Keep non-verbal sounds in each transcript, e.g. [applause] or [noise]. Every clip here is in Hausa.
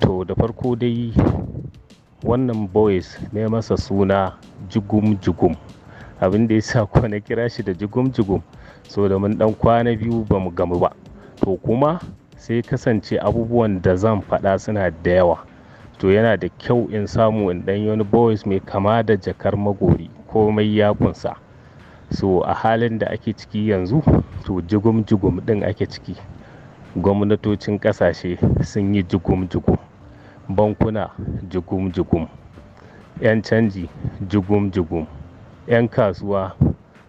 To da farko dai wannan boys ne masa suna Jigum Jigum. Abin da ya sa kuwa na kira shi da Jigum Jigum so da mun ɗan kwana biyu ba mu gamu ba. To kuma sai kasance abubuwan da zan faɗa suna da yawa. To yana da kyau in samu in ɗan wani boys mai kama da jakar magori komai ya kunsa. So a halin da ake ciki yanzu to jigum jigum ɗin ake ciki. Gwamnatocin ƙasashe sun yi jigum jigum. bankuna jugum-jugum, 'yan canji jugum-jugum, 'yan kasuwa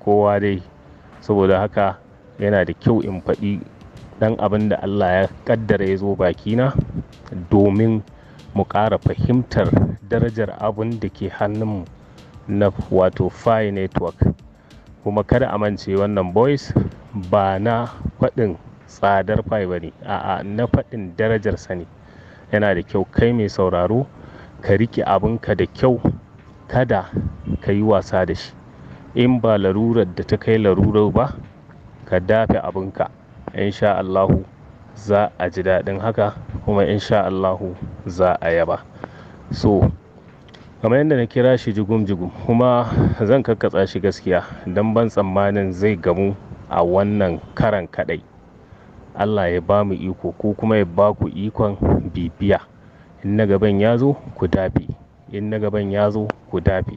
kowa dai. Saboda haka yana da kyau in faɗi ɗan abin da Allah ya ƙaddara ya zo bakina domin mu ƙara fahimtar darajar abin da ke hannunmu na wato fai Network. Kuma kada a mance wannan boys ba na faɗin tsadar fai ba ne, a'a na faɗin darajarsa ne. yana da kyau kai mai sauraro ka riƙe abinka da kyau kada ka yi wasa da shi in ba larurar da ta kai larurar ba ka dafe abinka in sha Allahu za a ji daɗin haka kuma in sha Allahu za a yaba so kamar yadda na kira shi jigum-jigum kuma zan kakkatsa shi gaskiya don ban tsammanin zai gamu a wannan karan kadai. Allah ya ba mu iko ko kuma ya ba ku ikon bibiya in na gaban ya zo ku dafe in na gaban ya zo ku dafe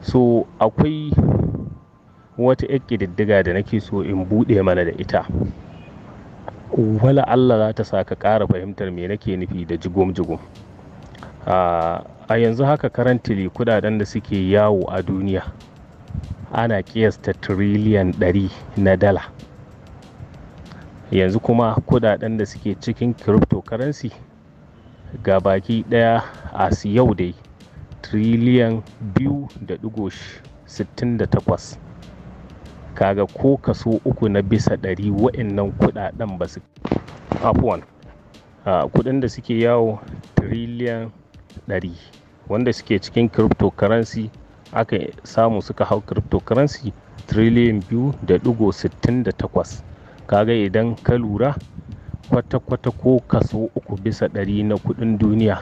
so akwai wata yar ƙididdiga da nake so in buɗe mana da ita wala Allah za ta sa ka ƙara fahimtar me nake nufi da jigom-jigom a yanzu haka karantili kudaden da suke yawo a duniya ana ƙiyasta tiriliyan ɗari na dala yanzu kuma kudaden da suke cikin cryptocurrency ga baki daya a yau dai triliyan 2.68 kaga ko kaso uku na bisa ɗari wa'annan kudaden ba su afuwan kudin da suke yawo triliyan 100 wanda suke cikin cryptocurrency aka samu suka hau cryptocurrency triliyan 2.68 kaga idan ka lura kwata-kwata ko kaso uku bisa ɗari na kuɗin duniya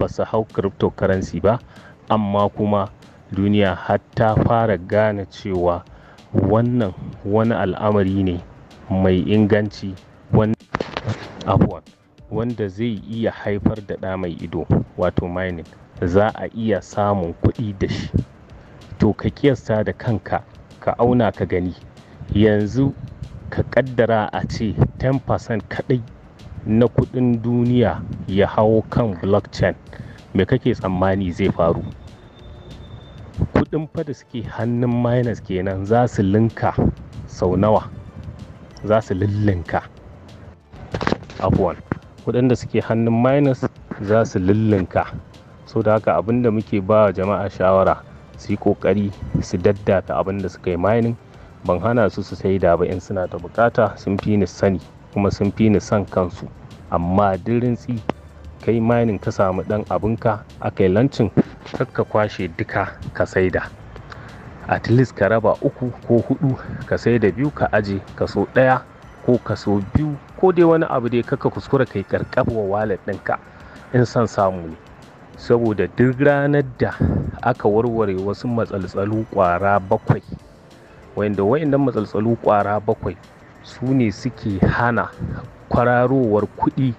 ba su hau cryptocurrency ba amma kuma duniya har ta fara gane cewa wannan wani al'amari ne mai inganci wanda zai iya haifar da ɗa mai ido wato mining za a iya samun kuɗi da shi to ka kiyasta da kanka ka auna ka gani yanzu ka kaddara a ce 10% kaɗai na kuɗin duniya ya hau kan blockchain me kake tsammani zai faru kuɗin fa da suke hannun miners kenan za su linka sau nawa za su lillinka abuwan kuɗin da suke hannun miners za su lillinka Sau da haka abinda muke ba jama'a shawara su yi ƙoƙari su daddata abinda da suka yi mining ban hana su su saida ba in suna da bukata sun fi ni sani kuma sun fi ni san kansu amma dirintsi kai mining ka samu dan abinka aka yi lancin ka kwashe duka ka saida at least ka raba uku ko hudu ka saida biyu ka aje kaso daya ko kaso biyu ko dai wani abu dai kaka kuskura kai karkabwa wallet ɗinka in san samu ne saboda duk ranar da aka warware wasu matsaltsalu kwara bakwai wanda wa'annan matsaltsalu kwara bakwai su ne suke hana kwararowar kuɗi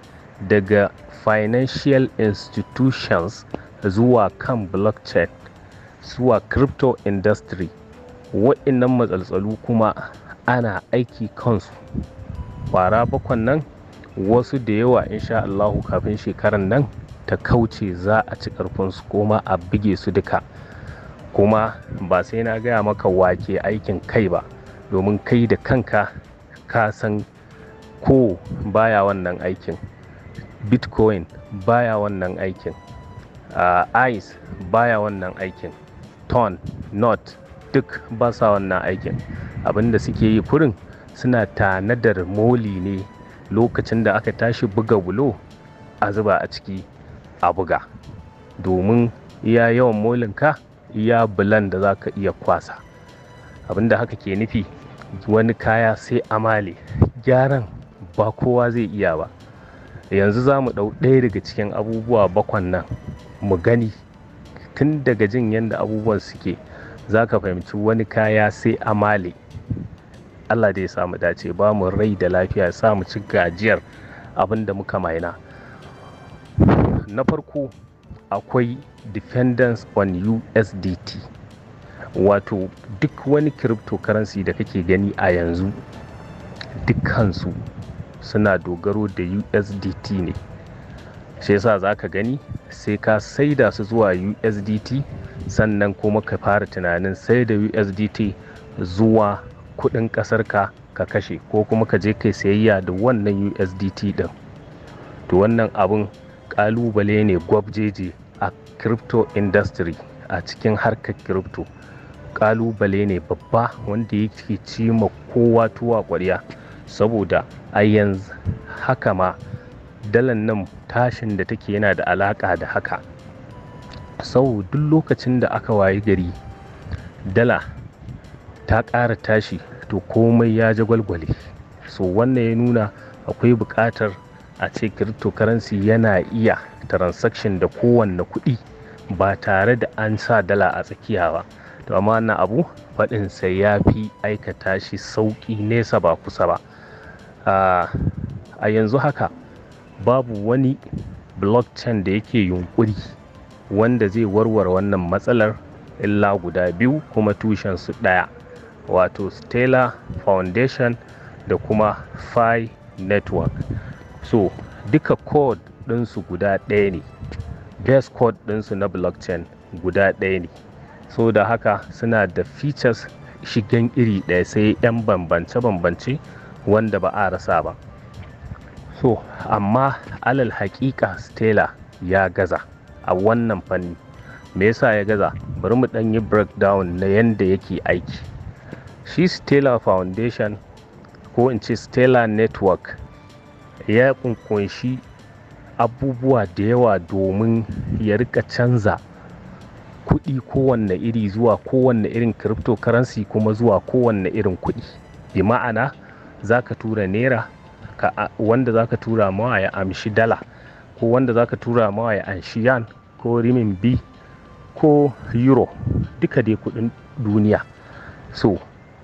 daga financial institutions zuwa kan blockchain zuwa crypto industry wa'annan matsaltsalu kuma ana aiki kansu ƙwara bakwan nan wasu da yawa insha Allahu kafin shekaran nan ta kauce za a ci karfinsu koma a buge su duka kuma ba sai na gaya maka wake aikin kai ba domin kai da kanka ka san ko baya wannan aikin bitcoin baya wannan aikin uh, ice baya wannan aikin ton not duk ba sa wannan aikin abinda suke yi kurin suna tanadar moli ne lokacin da aka tashi buga bulo a zuba a ciki a buga domin iya yawan molin ka. iya bulan da za ka iya kwasa abinda haka ke nufi wani kaya sai amale gyaran ba kowa zai iya ba yanzu za mu ɗau ɗaya daga cikin abubuwa bakwan nan mu gani tun daga jin yadda abubuwan suke za ka fahimci wani kaya sai amale allah dai samu dace ba mu rai da lafiya samu ci gajiyar abin da muka maina na farko akwai dependence on USDT wato duk wani cryptocurrency da kake gani a yanzu dukkansu suna dogaro da USDT ne shi yasa za ka gani sai ka saida su zuwa USDT sannan kuma ka fara tunanin sai da USDT zuwa kudin ƙasarka ka kashe ko kuma ka je kai sayayya da wannan USDT din to wannan abun kalubale ne gwabjeje a crypto industry a cikin harkar crypto kalubale ne babba wanda yake ci ma kowa tuwa kwarya saboda a yanzu haka ma dalan nan tashin da take yana da alaka da haka sau duk lokacin da aka wayi gari dala ta ƙara tashi to komai ya gwalgwale so wannan ya nuna akwai buƙatar a ce cryptocurrency yana iya transaction da kowanne kuɗi ba tare da an sa dala a tsakiya ba to amma wannan abu faɗinsa ya fi aikata shi sauƙi nesa ba kusa ba a yanzu haka babu wani blockchain da yake yunkuri wanda zai warware wannan matsalar illa guda biyu kuma tushen su ɗaya wato stellar foundation da kuma fi network so duka code ɗinsu guda ɗaya ne base code ɗinsu na blockchain guda ɗaya ne so da haka suna da features shigen iri ɗaya sai 'yan bambance-bambance wanda ba a rasa ba so amma alal haƙiƙa stella ya gaza a wannan fanni me yasa ya gaza bari mu ɗan yi breakdown na yadda yake aiki shi stella foundation ko in ce stella network ya ƙunƙunshi abubuwa da yawa domin ya rika canza kuɗi kowanne iri zuwa kowanne irin cryptocurrency kuma zuwa kowanne irin kuɗi bi ma'ana za ka tura naira wanda za ka tura mawa ya amshi dala ko wanda za ka tura mawa ya amshi yan ko rimin bi ko euro duka dai kuɗin duniya so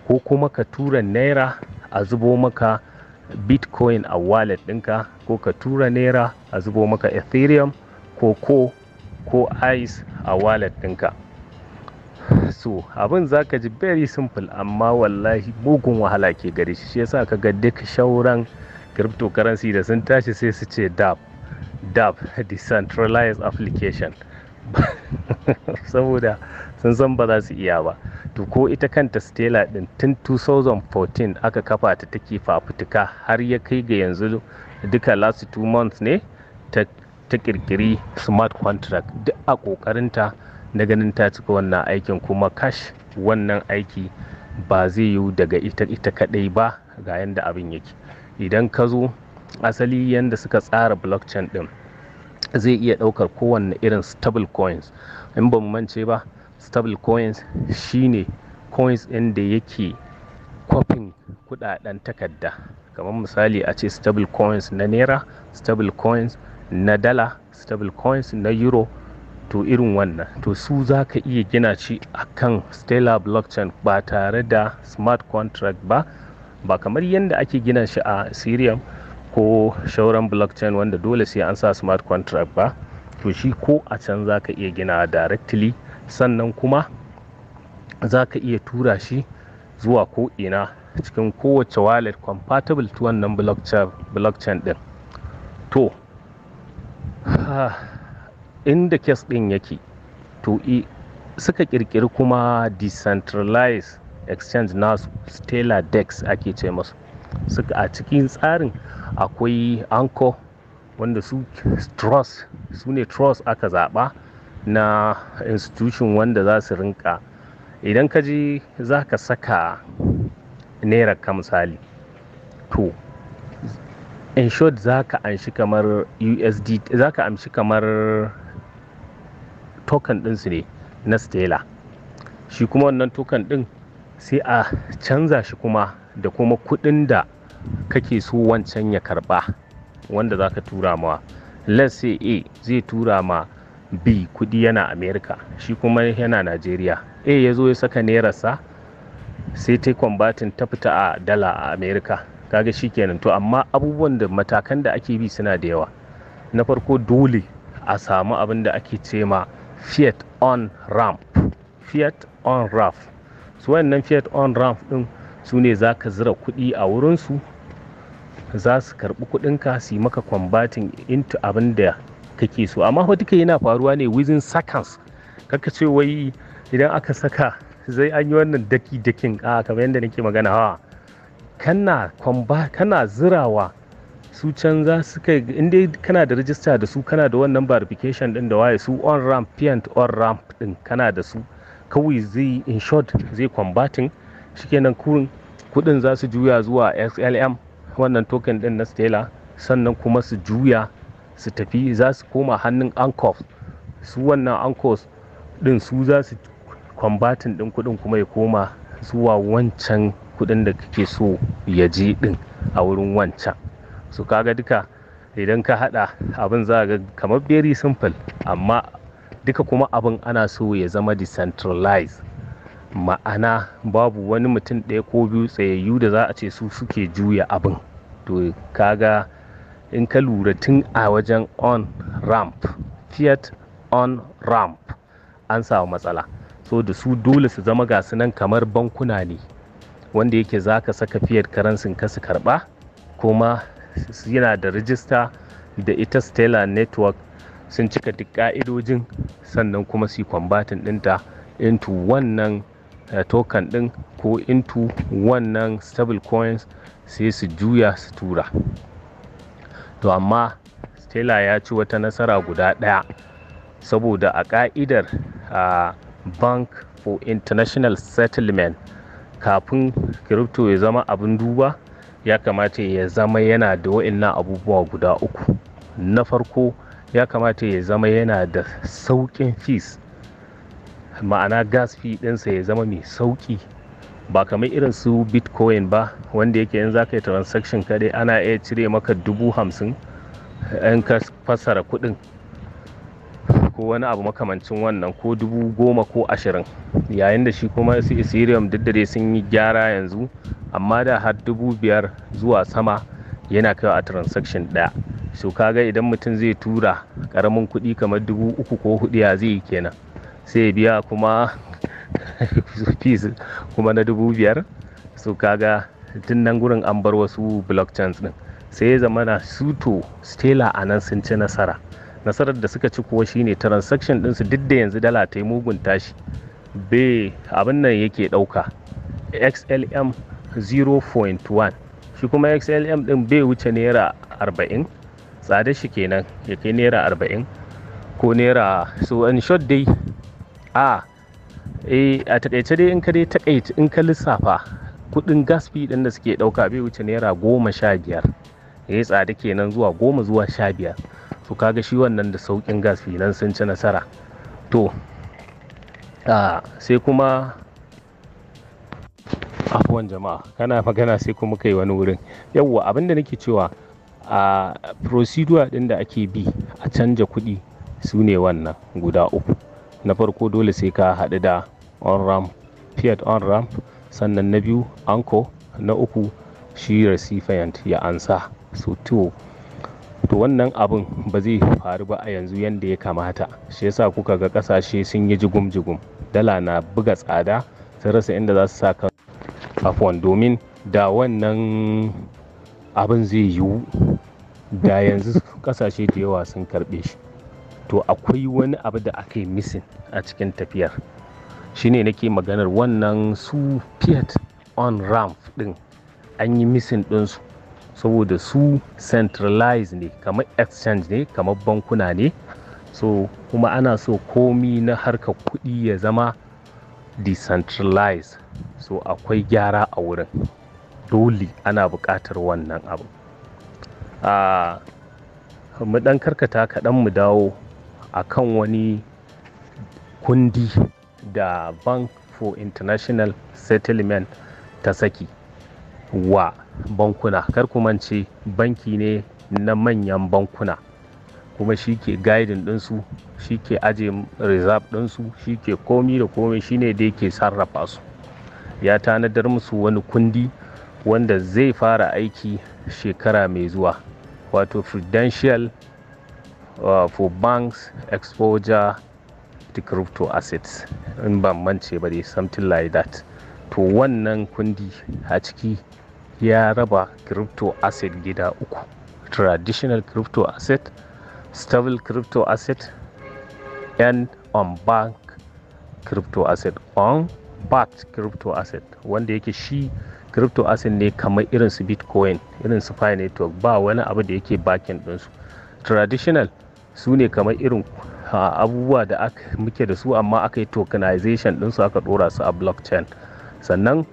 ko kuma ka tura naira a zubo maka bitcoin a wallet ɗinka ko ka tura naira a zubo maka ethereum ko ko ko ice a wallet ɗinka so abin za ka ji very simple amma wallahi mugun wahala ke gare shi shi yasa ka ga duk shauran cryptocurrency da sun tashi sai su ce dap dab decentralized application [laughs] saboda sun san ba za su iya ba to ko ita kanta stella din tun 2014 aka kafa ta take fafutuka har ya kai ga yanzu duka last two months ne ta ƙirƙiri kirkiri smart contract duk a kokarinta na ganin ta cika wannan aikin kuma cash wannan aiki ba zai yiwu daga ita ita kadai ba ga yadda abin yake idan ka zo asali yadda suka tsara blockchain din zai iya daukar kowanne irin stable coins in ba mu mance ba stable coins shine coins ɗin da yake kwafin kudaden takarda kamar misali a ce stable coins na naira stable coins na dala stable coins na euro to irin wannan to su za ka iya gina shi kan stellar blockchain ba tare da smart contract ba ba kamar yadda ake gina shi a ethereum ko shauran blockchain wanda dole sai an sa smart contract ba to shi ko a can za ka iya gina directly sannan kuma za ka iya tura shi zuwa ko'ina cikin kowace wallet compatible to wannan blockchain din to [sighs] inda kes din yake to suka kirkiri kuma decentralized exchange na stellar dex ake ce masu suka a cikin tsarin akwai anko wanda su trust su ne trust aka zaba na institution wanda za su rinka idan ka ji za ka saka naira ka misali to in short za ka amshi kamar usd za ka amshi kamar token ɗinsu ne na stela shi kuma wannan token ɗin sai a canza shi kuma da kuma kuɗin da kake so wancan ya karɓa wanda za ka tura ma let's say a zai tura ma b kudi yana amerika shi kuma yana nigeria a ya zo ya saka nerarsa sai ta kwambatin ta fita a dala a amerika kaga shi kenan to amma abubuwan da matakan da ake bi suna da yawa na farko dole a samu abin da ake ce ma fiat on ramp fiat on ramp su wannan fiat on ramp din su ne za ka zira kuɗi a wurinsu za su karbi kudinka su yi maka kwambatin into abin da kake so amma fa duka yana faruwa ne within seconds kaka ce wai idan aka saka zai an yi wannan daki dakin a kamar yadda nake magana hawa kana kwamba kana zirawa su can za su kai inda kana da rajista da su kana da wannan verification din da waye su on ramp piant on ramp din kana da su kawai zai in short zai combating shikenan kurin kudin za su juya zuwa xlm wannan token din na stela sannan kuma su juya su tafi za su koma hannun ankof su wannan ankos din su za su kwambatin din kudin kuma ya koma zuwa wancan kudin da kake so ya je din a wurin wancan su kaga duka idan ka hada abin za ga kamar very simple amma duka kuma abin ana so ya zama decentralized ma'ana babu wani mutum ɗaya ko biyu tsayayyu da za a ce su suke juya abin to kaga in ka lura tun a wajen on ramp fiat on ramp an samu matsala so da su dole su zama gasu nan kamar bankuna ne wanda yake za ka saka fiat karansin ka su karba kuma yana da rijista da ita stellar network sun cika duk ka'idojin sannan kuma su kwambatin dinta into wannan eh, token ɗin ko into wannan stable coins sai su juya su tura to amma stella ya ci wata nasara guda ɗaya saboda a ƙa'idar bank for international settlement kafin crypto ya zama abin duba ya kamata ya zama yana da wa'annan abubuwa guda uku na farko ya kamata ya zama yana da sauƙin fees ma'ana gas fee ɗinsa ya zama mai sauƙi ba kamar irin su bitcoin ba wanda yake yanzu zaka yi transaction kaɗai ana iya cire maka dubu hamsin yan ka fassara kuɗin ko wani abu makamancin wannan ko dubu goma ko ashirin yayin da shi kuma su ethereum duk da dai sun yi gyara yanzu amma da har dubu biyar zuwa sama yana kaiwa a transaction ɗaya so kaga idan mutum zai tura karamin kuɗi kamar dubu uku ko hudu ya zai kenan sai biya kuma [laughs] fees kuma na dubu biyar su kaga tun nan gurin an bar wasu blockchains din sai ya zama na suto stela a nan sun ci nasara nasarar da suka ci kuwa shine transaction ɗinsu duk da yanzu dala ta yi mugun tashi be abin nan yake ɗauka xlm 0.1 shi kuma xlm ɗin bai wuce naira 40 tsada shi kenan ya kai naira 40 ko naira so in short dai a E a takaice dai in ka dai takaice in ka lissafa kudin gas fee din da suke ɗauka bai wuce naira goma sha biyar ya eh, yi tsada kenan zuwa goma zuwa sha biyar to kaga shi wannan da saukin gas fee nan sun ci nasara to sai kuma afuwan jama'a kana magana sai kuma kai wani wurin yawwa abinda nake cewa a procedure din da ake bi a canja kuɗi su ne wannan guda uku na farko dole sai ka haɗu da on ramp fiat on ramp sannan na biyu anko na uku shi recipient ya ansa so to to wannan abin ba zai faru ba a yanzu yadda ya kamata shi yasa kuka ga kasashe sun yi jigum-jigum dala na buga tsada sun rasa inda za su sa kan afon domin da wannan abin zai yiwu da yanzu kasashe da yawa sun karbe shi to akwai wani abu da aka yi missing a cikin tafiyar shine nake maganar wannan su fiat on ramp din an yi missing dinsu saboda su centralized ne kamar exchange ne kamar bankuna ne so kuma ana so komi na harkar kuɗi ya zama decentralized so akwai gyara a wurin dole ana buƙatar wannan abu ah, mu ɗan karkata kaɗan mu dawo a kan wani kundi da bank for international settlement ta saki wa bankuna kar ku mance banki ne na manyan bankuna kuma shi ke guiding ɗinsu shi ke aje reserve ɗinsu shi ke komi da komi shine da yake sarrafa su ya tanadar musu wani kundi wanda zai fara aiki shekara mai zuwa wato prudential fo uh, for banks exposure to crypto assets in ban mance ba dai something like that to wannan kundi a ciki ya raba crypto asset gida uku traditional crypto asset stable crypto asset and on bank crypto asset on bat crypto asset wanda yake shi crypto asset ne kamar irin su bitcoin irin su ba wani abu da yake bakin ɗinsu traditional su ne kamar irin abubuwa da muke da su amma aka yi tokenization su aka ɗora su a blockchain sannan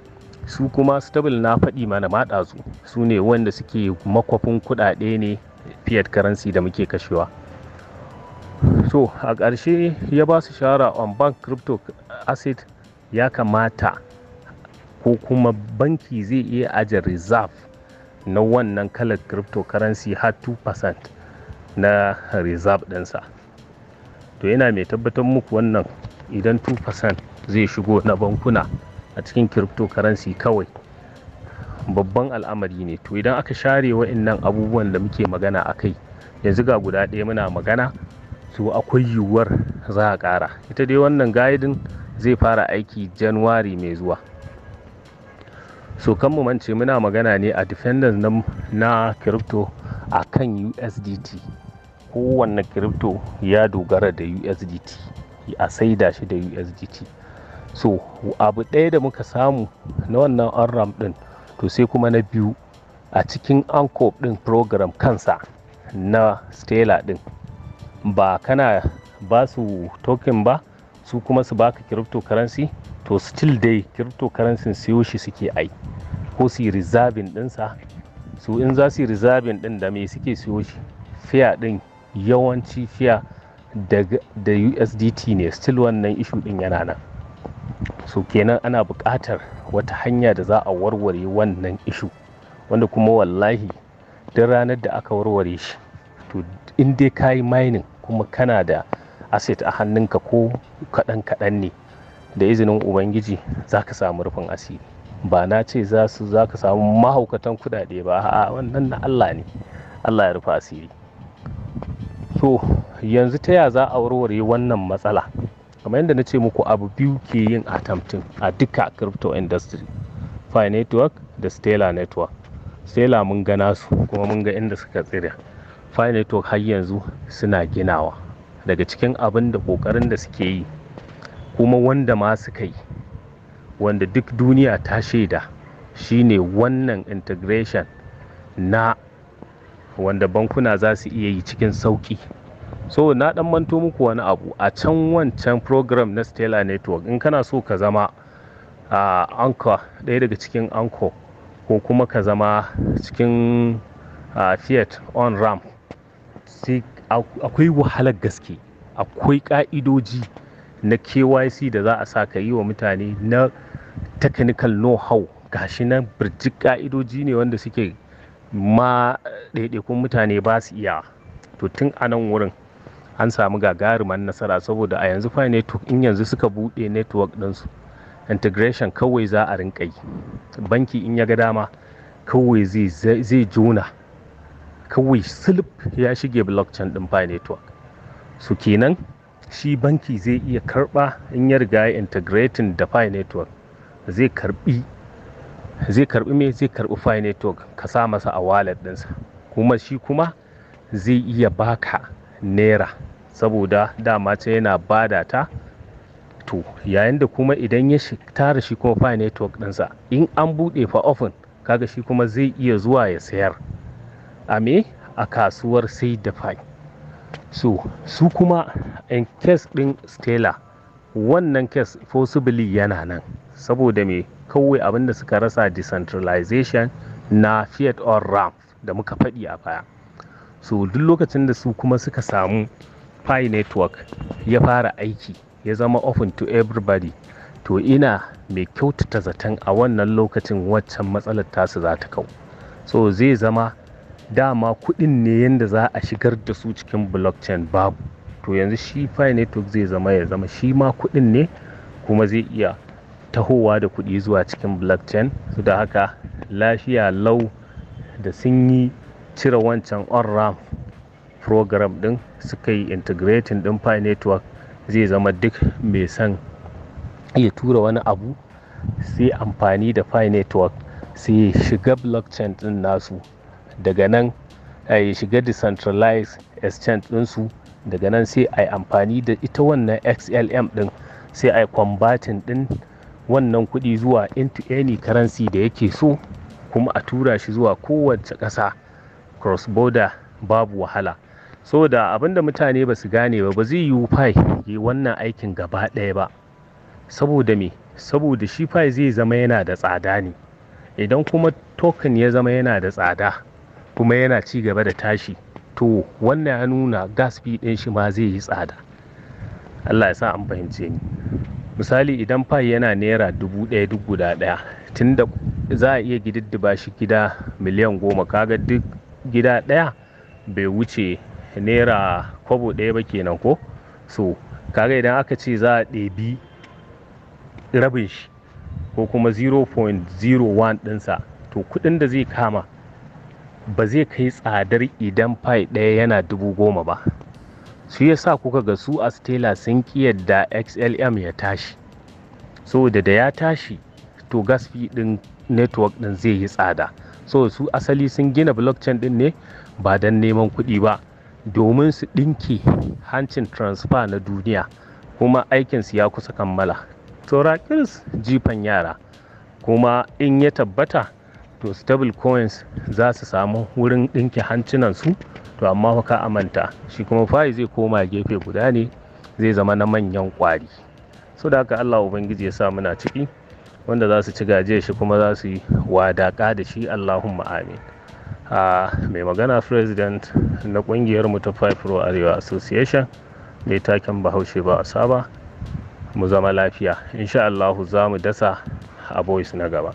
su kuma stable na faɗi mana maɗazu su ne wanda suke makwafin kuɗaɗe ne fiat currency da muke kashewa so a ƙarshe ya ba su shawara on bank crypto asset ya kamata ko kuma banki zai iya ajiye reserve na wannan kalar cryptocurrency har 2% na reserve ɗinsa to yana mai tabbatar muku wannan idan 2% zai shigo na bankuna a cikin cryptocurrency kawai babban al'amari ne to idan aka share wa'annan abubuwan da muke magana a kai yanzu ga guda ɗaya muna magana so akwai yiwuwar za a ƙara ita dai wannan gaidin zai fara aiki januwari mai zuwa so kan mu mance muna magana ne a defenders na crypto a kan USDT. kowane crypto ya dogara da USDT, a saida shi da USDT. So abu ɗaya da muka samu na wannan on ɗin to sai kuma na biyu a cikin anko ɗin program kansa na Stela ɗin. Ba kana ba su token ba su kuma su baka cryptocurrency to still dai cryptocurrency siyo shi suke ai ko su yi reserving ɗinsa su in za su yi rizabin ɗin da mai suke siyo shi fiya ɗin yawanci fiya da usdt ne still wannan ishu ɗin yana nan so kenan ana buƙatar wata hanya da za a warware wannan ishu wanda kuma wallahi duk ranar da aka warware shi to in dai ka yi mining kuma kana da asset a hannunka ko kaɗan kaɗan ne da izinin ubangiji za ka samu rufin asiri ba na ce za su za ka samu mahaukatan kuɗaɗe ba a wannan na Allah ne Allah ya rufa asiri to yanzu ta ya za a warware wannan matsala kamar yadda na ce muku abu biyu ke yin attempting a duka crypto industry fi network da stellar network stellar mun gana su kuma mun ga inda suka tsira fi network har yanzu suna ginawa daga cikin abin da kokarin da suke yi kuma wanda ma suka yi wanda duk duniya ta shaida shine wannan integration na wanda bankuna za su iya yi cikin sauƙi so na dan manto muku wani abu a can wancan program na Stella network in kana so ka zama a uh, anchor ɗaya daga cikin anchor ko kuma ka zama cikin uh, fiat on RAM, akwai wahalar gaske akwai ƙa'idoji na KYC da za a sa ka yi wa mutane na technical know-how gashi na birjik ka'idoji ne wanda suke ma ɗaiɗaikun mutane ba su iya to tun anan wurin an samu gagarumar nasara saboda a yanzu fa network in yanzu suka buɗe network ɗinsu integration kawai za a rinka yi banki in ya ga dama kawai zai juna kawai slip ya shige blockchain ɗin fa network su kenan shi banki zai iya karɓa in ya riga ya integrating da fi network zai karbi zai karbi me zai karɓi fi network ka sa masa a wallet ɗinsa kuma shi kuma zai iya baka naira saboda dama ce yana bada ta to yayin da kuma idan ya tara shi kuma fi network ɗinsa in an buɗe fa ofin kaga shi kuma zai iya zuwa ya sayar a me a kasuwar sai da fi So su kuma in case ɗin stela, wannan case possibly yana nan saboda me kawai abinda suka rasa decentralization na fiat or Ram da muka faɗi a baya. So duk lokacin da su kuma suka samu Pi network ya fara aiki ya zama open to everybody to ina mai kyautata zaton a wannan lokacin waccan matsalar tasu za ta kau. So zai zama dama kudin ne yadda za a shigar da su cikin blockchain babu to yanzu shi fi network zai zama ya zama shi ma kudin ne kuma zai iya tahowa da kudi zuwa cikin blockchain su da haka lafiya lau da sun yi cire wancan on-ramp program din suka yi integrating din fi network zai zama duk mai son iya tura wani abu sai amfani da fi network sai shiga blockchain din nasu daga nan a shiga decentralized exchange ɗinsu daga nan sai a yi amfani da ita wannan xlm ɗin sai a yi kwambatin ɗin wannan kuɗi zuwa into any currency da yake so kuma a tura shi zuwa kowace ƙasa cross border babu wahala saboda abinda mutane ba su gane ba ba zai yiwu fai yi wannan aikin gaba ɗaya ba saboda me saboda shi fai zai zama yana da tsada ne idan kuma token ya zama yana da tsada kuma yana ci gaba da tashi to wannan ya nuna gas fee ɗin shi ma zai yi tsada allah ya sa an fahimce ni misali idan fai yana naira dubu ɗaya duk guda ɗaya tun da za a iya gididdiba shi gida miliyan goma kaga duk gida ɗaya bai wuce naira kwabo ɗaya ba kenan ko so kaga idan aka ce za a ɗebi rabin shi ko kuma 0.01 ɗinsa to kuɗin da zai kama ba zai kai tsadar idan fai ɗaya yana dubu goma ba su ya sa kuka ga su a stela sun yadda xlm ya tashi saboda da ya tashi to gas fee din network din zai yi tsada so su asali sun gina blockchain ɗin ne ba don neman kuɗi ba domin su ɗinki hancin transfer na duniya kuma aikinsu ya kusa kammala saura jifan yara kuma in ya tabbata to stable coins za su samu wurin ɗinke hancinansu to amma a manta, shi kuma fayi zai koma gefe guda ne zai zama na manyan kwari so da haka allah ubangiji ya sa muna ciki wanda za su ci gajiya shi kuma za su yi wadaƙa da shi allahumma amin a mai magana president na ƙungiyar mu ta five pro arewa association mai taken bahaushe ba a saba mu zama lafiya insha allahu za mu dasa a boys na gaba